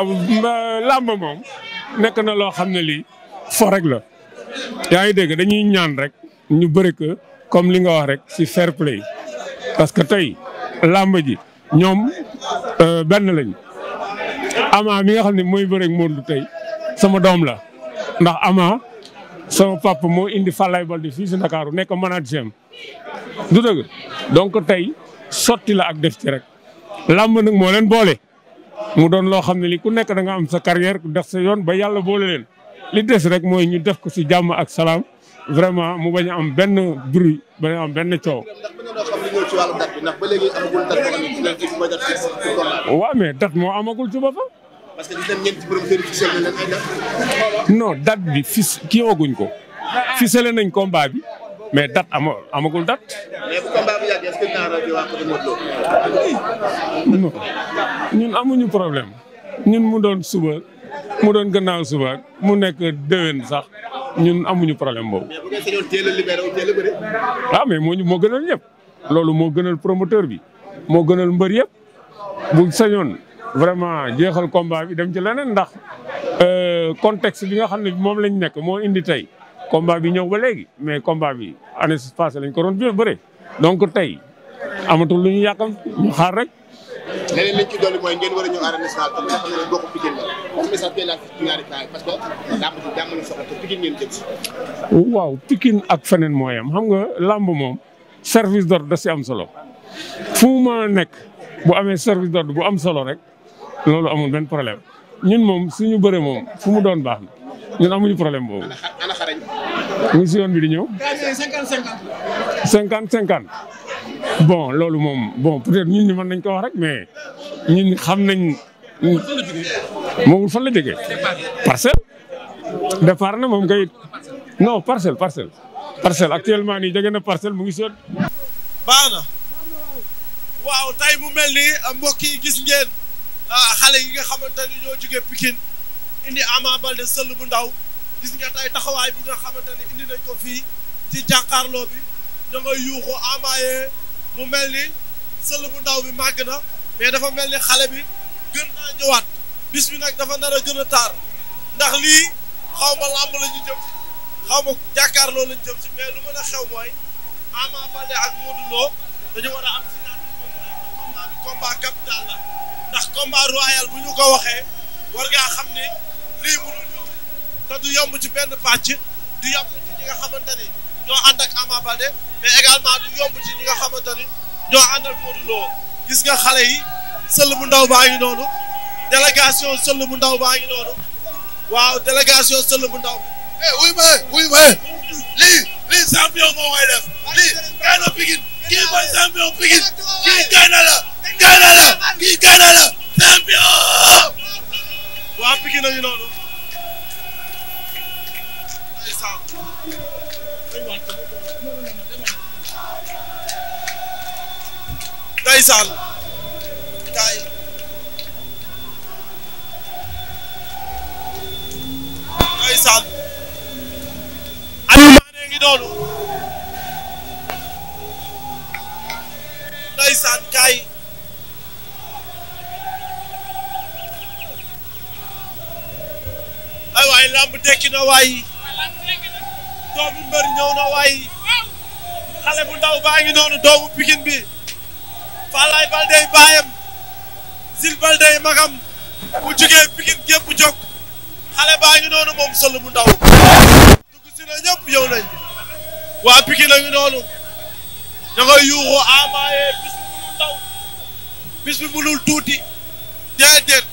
Euh, làmb moom nekk na loo xam ne lii fo rek la yaa ngi dégg dañuy ñaan rek ñu bëri que comme li nga wax rek si fair play parce que tey làmb ji ñoom euh, benn lañ ama mi nga xam ne mooy bëri moo Modou tey sama doom la ndax ama sama papa moo indi Falaye Baldé fii ci Ndakaaru nekk manager du dëgg donc tey sotti la ak def ci rek làmb nag moo leen boole. mu doon loo xam ne li ku nekk da nga am sa carrière def sa yoon ba yàlla boole leen li des rek mooy ñu def ko si jàmm ak salaam vraiment mu bañ a am benn bruit bañ a am benn coow. waaw mais date moo amagul ci boppam. parce que gis bi fis kii wooguñ ko. ficelé nañ combat bi. mais date ama amagul date. ñun amuñu problème ñun mu doon suba mu doon gannaaw suba mu nekk déwén sax ñun amuñu problème boobu. mais bu ngeen sañoon a libéré ah mais moo gënal ñëpp loolu moo gënal promoteur bi moo gënal mbër yëpp bu sañoon vraiment jeexal combat bi dem ci leneen ndax euh, contexte bi nga xam ne moom lañ nekk moo indi tey. combat bi ñëw ba léegi mais combat bi année passée lañ ko doon bëre donc tey amatul lu ñu yàqam ñu xaar rek. waaw Pikine ak feneen mooy xam nga làmb moom service dor da si am solo fu ma nekk bu amee service d'ordre bu am solo rek loolu amul benn problème ñun moom suñu bëre moom fu mu doon baax na ñun amuñu problème boobu. mu si yoon bi di ñëw. 50 50. bon loolu moom bon peut-être ñun ñi mën nañ ko wax rek mais ñun xam nañ. moom fan la jógee parcelle. départ na moom kay non parcelle parcelle. parcelle actuellement ni jege na parcelle mu ngi si yoon. baax waaw tey mu mel ni mbokk gis ngeen ah, xale yi nga xamante ni ñoo jógee Pikine indi Ama Baldé sëll bu ndaw. gis nga tey taxawaay bi nga xamante ne indi nañ ko fii ci jàkkaarloo bi da ngay yuuxu amaaye mu mel ni sël bu ndaw bi màgg na mais dafa mel ni xale bi gën naa ñëwaat bis bi nag dafa nar a gën a taar ndax lii xaw ma làmb la ñu jëm xaw ma jàkkaarloo lañu jëm si mais lu mën a xew mooy Ama Baldé ak Modou Lo dañu war a am combat capital la ndax combat royal bu ñu ko war ngaa xam ne lii mënul te du yomb ci benn pàcc du yomb ci ñi nga ñoo ànd ak Ama Baldé mais également du yomb ci ñi nga xamante ni ñoo ànd ak Modou Lo gis nga xale yi sëll bu ndaw baa ngi noonu délégation sëll bu ndaw baa noonu waaw délégation sëll bu ndaw. eh wuy ma wuy ma lii lii champion moo koy def lii gaana Pikine kii mooy champion Pikine kii gaana la gaana la kii gaana sal taay taay sal Aliou Mané ngi doonu taay sal kaay waay lamb tekki na waay doomu mbër na waay xale bu ndaw baa ngi noonu doomu pikin bi Falaye Baldé baayam Zil Baldé magam bu jugee Pikine gépp jóg xale baa ngi noonu moom solo bu ndaw dugg si ñëpp yow nañ waa Pikine a ngi noonu da ngay yuuxu amaayee bis bi mënul ndaw bis bi mënul tuuti déedéet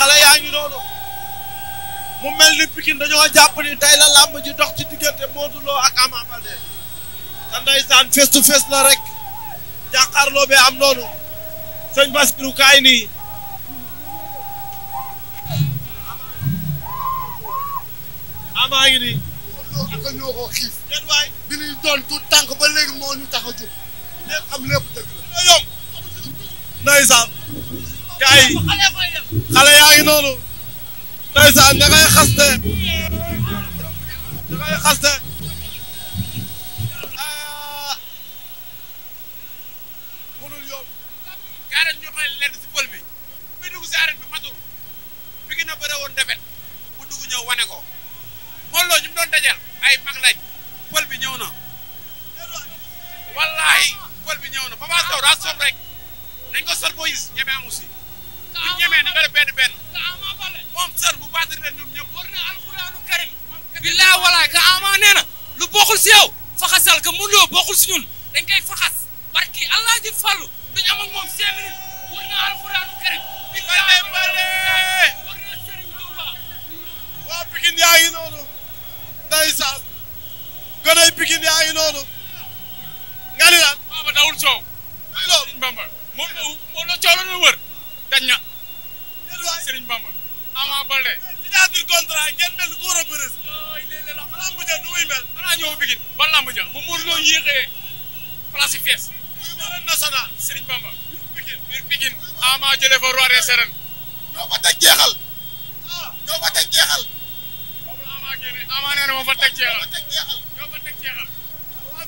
xale yaa ngi noonu mu mel ni Pikine dañoo jàpp ni tey la làmb ji dox ci diggante Modou Lo ak Ama Baldé te ndeysaan face to face la rek jàkkaarloo bee am noonu sëñ Bass Birou kaay nii amaa ngi nii ak ñoo xiif déet waay bi ñuy doon tout tànk ba léegi ñu tax a noonu ndeysaan ña xaste xamal leen si fël bi muy si arène bi matul bi gën a bëre woon defet mu ñëw wane ko Modou Lo ñu mu dajal ay mag lañ bi ñëw na wallaahi fël bi ñëw na Papa Sow daa soog rek nañ ko sër boo gis ñeme amu si bu ñemee na nga def benn benn moom sër bu baatir leen ka ama nee lu bokkul si yow faxasal ka Modou Lo si ñun dañ koy faxas barki allah ji fàllu duñ am loolu. nga ni daal. Bamba dawul coow. mooy loolu Serigne Bamba moom la moom la coow la ñu wër dañ na. jërëjëf waay Serigne Bamba. Ama Baldé. signature contrat ngeen mel ni ku war a bëre si. balaa Mbuja nu muy mel. balaa ñëw bigin balaa Mbuja bu mu mënuloo yéexee place yi fees. muy national Serigne Bamba. Pikine biir Pikine. Ama jëlee fa roi des arènes. ñoo ko teg jeexal. Ah. ñoo ko teg jeexal. moom la Ama génne Ama nee na ma fa teg jeexal. ñoo ko teg jeexal.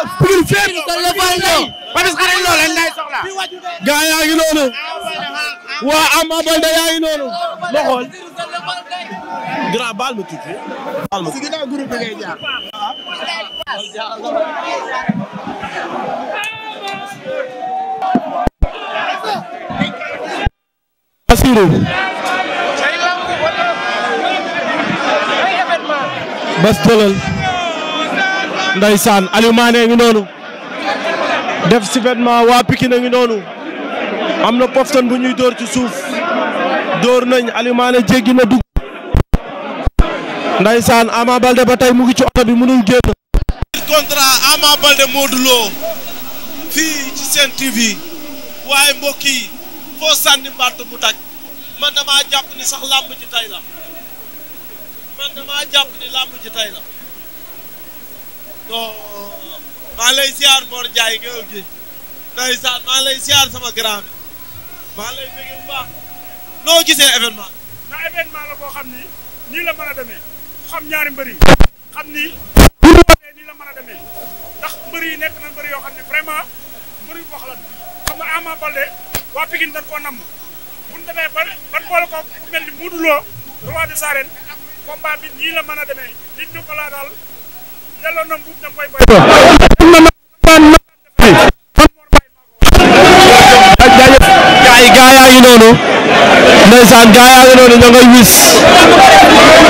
Pikine fépp. Papis xarañ loo leen lay gaa yaa ngi noonu. waa Ama Baldé yaa ngi noonu. ma xool. grand baal ma tuuti. baal ma tuuti. groupe bi ngay jaar. Bassirou. Bas ndeysaan Aliou Mané ngi noonu def si vêtement waa Pikine ngi noonu am na poftan bu ñuy dóor ci suuf dóor nañ Aliou Mané jéggi na dugg ndeysaan Ama Baldé ba tey mu ngi ci oto bi mënul génn contrat Ama Baldé Modou fii ci Sen TV waaye mbokki yi foo sànni mbàtt bu daj man damaa jàpp ni sax làmb ji tey la non maa lay siyaar Mor Ndiaye géwél gi ndeysaan maa lay siyaar sama grand maa lay bëgg bu baax noo gisee événement na événement la boo xam ni nii la mën a demee xam ñaari mbër yi xam ni bu wootee nii la mën a demee ndax nekk na yoo xam ne vraiment mbër yu wax lan xam nga Ama Baldé waa Pikine dañ koo namm bu ko ku bi nii la mën a demee nit daal ay gaa yaa ngi noonu ndeysaan gaa yaa ngi noonu ña ngay wis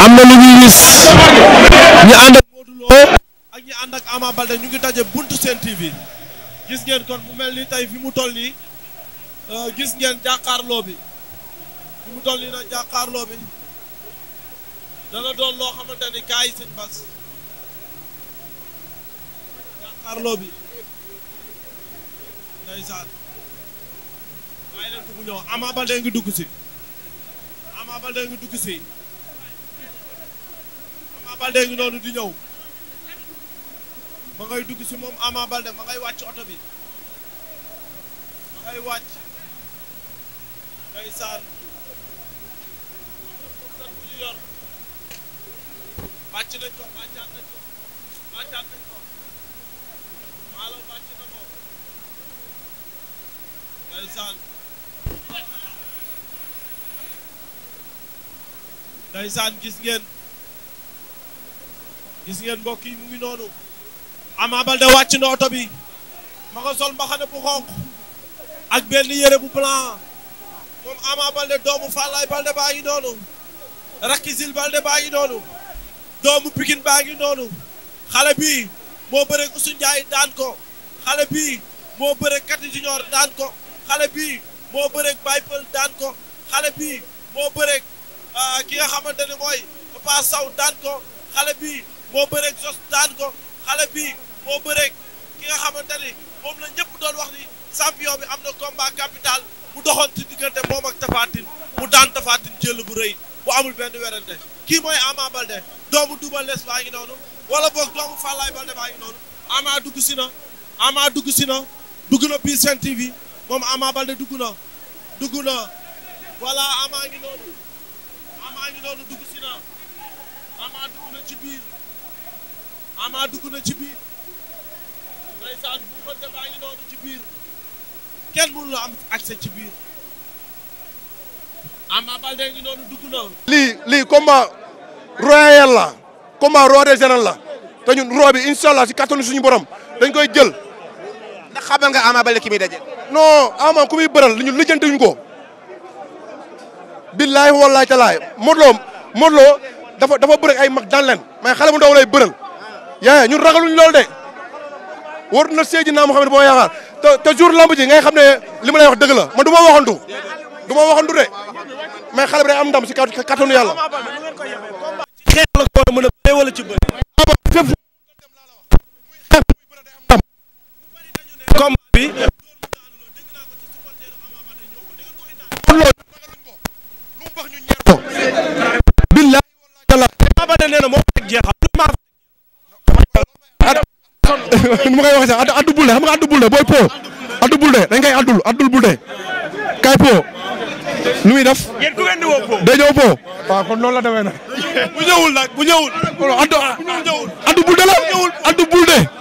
am na lu ñuy wis ñu ànd ak Modou Lo ñu ngi daje buntu seen TV gis ngeen kon mu mel ni tey fi mu toll nii euh, gis ngeen jàkkaarloo bi fi mu toll nii nag jàkkaarloo bi dana doon loo xamante ni gaa yi seen jàkkaarloo bi ndeysaan bàyyi leen ko mu ñëw ngi dugg si Ama ngi dugg si Ama Baldé ngi noonu di ñëw ma ngay dugg si moom Ama Baldé ma ngay wàcc oto bi ma ngay wàcc ndeysaan ndeysaan ndeysaan gis ngeen gis ngeen mbokk yi mu ngi noonu Ama Baldé wàcc na bi ma nga sol mbaxane bu xonq ak benn yére bu blanc moom Ama Baldé doomu Fallaye Baldé baa ngi noonu Rakisil Baldé baa ngi noonu doomu Pikine baa ngi noonu xale bi moo bëreeg Ousseynou Ndiaye daan ko xale bii moo bëreeg Kati Junior daan ko xale bii moo bëreeg Baye Peul daan ko xale bii moo bëreeg ah, ki nga xamante ne mooy Papa Sow daan ko xale bii moo bëreeg Jos daan ko xale bii moo bëreeg ki nga xamante ni moom la ñëpp doon wax ni champion bi am na combat capital mu doxoon ci diggante moom ak Tapha Tine mu daan Tapha Tine jël bu rëy bu amul benn werante kii mooy Ama Baldé doomu Double Less baa ngi noonu. wala boog doomu Fallaye Baldé baa ngi noonu Ama dugg si na Ama dugg si na dugg Sen TV moom Ama Baldé dugg na dugg na voilà Ama ngi noonu Ama na Ama dugg na ci biir Ama na kenn mënu la am accès ci biir Ama ngi noonu dugg lii lii combat royal la. combat roi des arènes la te ñun roi bi incha allah si kattanu suñu borom dañ koy jël. ndax xamal nga Ama Baldé ki muy daje. non Ama ku muy bëral ñun lijjanti wuñ ko. billahi wallahi talaay Modou Lo dafa dafa ay mag daan leen mais xale bu ndaw lay bëral. yaa ñun ragaluñ lool de. war na Seydina Muhammad boo yaakaar te te jour lamb ji ngay xam ne li ma lay wax dëgg la du ma waxantu. du ma waxantu de mais xale bi day am ndam si kattanu yàlla. ma koy waxee sax addu addu bulde xam nga addu bulde booy po addu bulde dañ koy addul addul bulde kay po nu muy def. yéen ku ngeen di woo po day ñëw po. waaw kon noonu la demee nag. bu ñëwul bu ñëwul. addu addu bulde